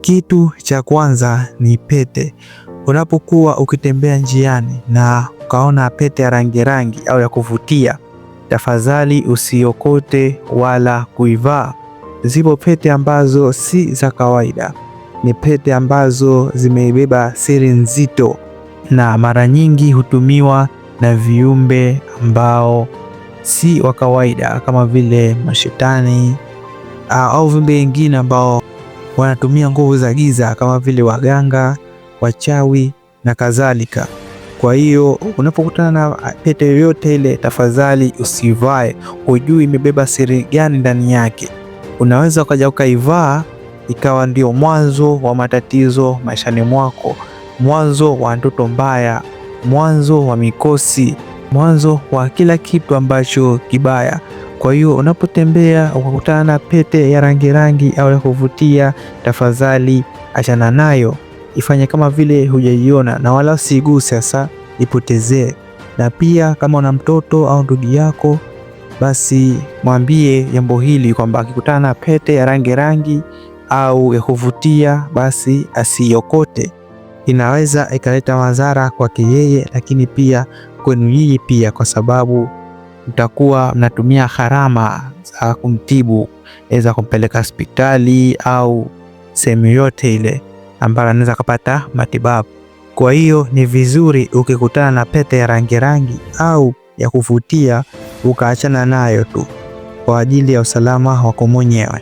Kitu cha kwanza ni pete. Unapokuwa ukitembea njiani na ukaona pete ya rangi rangi au ya kuvutia, tafadhali usiokote wala kuivaa. Zipo pete ambazo si za kawaida, ni pete ambazo zimeibeba siri nzito, na mara nyingi hutumiwa na viumbe ambao si wa kawaida kama vile mashetani au viumbe wengine ambao wanatumia nguvu za giza kama vile waganga, wachawi na kadhalika. Kwa hiyo unapokutana na pete yoyote ile, tafadhali usivae, hujui imebeba siri gani ndani yake. Unaweza ukaja ukaivaa ikawa ndio mwanzo wa matatizo maishani mwako, mwanzo wa ndoto mbaya, mwanzo wa mikosi, mwanzo wa kila kitu ambacho kibaya. Kwa hiyo unapotembea ukakutana na pete ya rangi rangi au ya kuvutia, tafadhali achana nayo, ifanye kama vile hujaiona na wala usiguse, sasa ipotezee. Na pia kama una mtoto au ndugu yako, basi mwambie jambo hili kwamba akikutana na pete ya rangi rangi au ya kuvutia, basi asiokote, inaweza ikaleta madhara kwake yeye, lakini pia kwenu nyinyi pia, kwa sababu mtakuwa mnatumia gharama za kumtibu, aweza kumpeleka hospitali au sehemu yote ile ambayo anaweza kupata matibabu. Kwa hiyo ni vizuri ukikutana na pete ya rangi rangi au ya kuvutia ukaachana nayo tu kwa ajili ya usalama wako mwenyewe.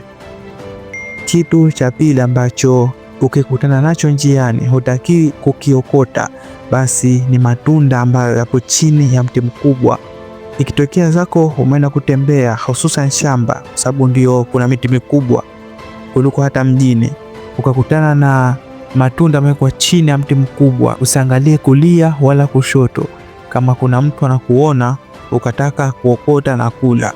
Kitu cha pili ambacho ukikutana nacho njiani hutakiwi kukiokota, basi ni matunda ambayo yapo chini ya mti mkubwa Ikitokea zako umeenda kutembea, hususan shamba, sababu ndio kuna miti mikubwa kuliko hata mjini, ukakutana na matunda amewekwa chini ya mti mkubwa, usiangalie kulia wala kushoto. Kama kuna mtu anakuona ukataka kuokota na kula,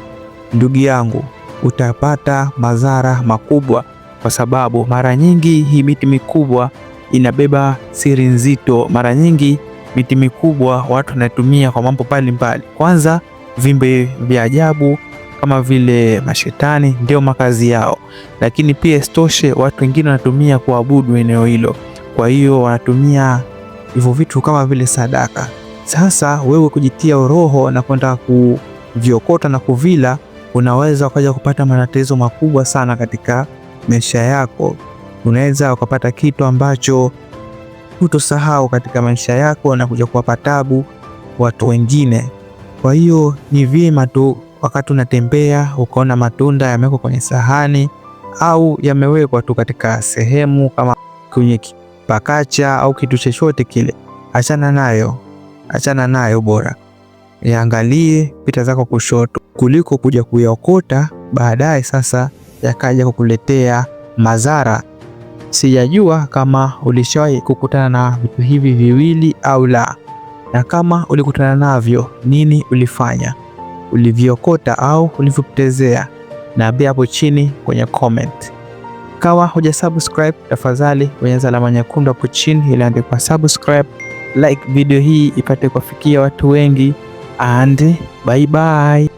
ndugu yangu, utapata madhara makubwa, kwa sababu mara nyingi hii miti mikubwa inabeba siri nzito. Mara nyingi miti mikubwa watu wanatumia kwa mambo mbalimbali. Kwanza viumbe vya ajabu kama vile mashetani ndio makazi yao, lakini pia isitoshe, watu wengine wanatumia kuabudu eneo hilo, kwa hiyo wanatumia hivyo vitu kama vile sadaka. Sasa wewe kujitia roho na kwenda kuviokota na kuvila, unaweza ukaja kupata matatizo makubwa sana katika maisha yako. Unaweza ukapata kitu ambacho hutosahau katika maisha yako na kuja kuwapa tabu watu wengine. Kwa hiyo ni vyema tu wakati unatembea ukaona matunda yamewekwa kwenye sahani au yamewekwa tu katika sehemu kama kwenye pakacha au kitu chochote kile, achana nayo, achana nayo, bora yaangalie, pita zako kushoto, kuliko kuja kuyaokota baadaye sasa yakaja kukuletea madhara. Sijajua kama ulishawahi kukutana na vitu hivi viwili au la na kama ulikutana navyo, nini ulifanya, ulivyokota au ulivipotezea? Naambia hapo chini kwenye comment. Kawa huja subscribe, tafadhali bonyeza alama nyekundu hapo chini iliandikwa subscribe, like video hii ipate kuwafikia watu wengi, and bye bye.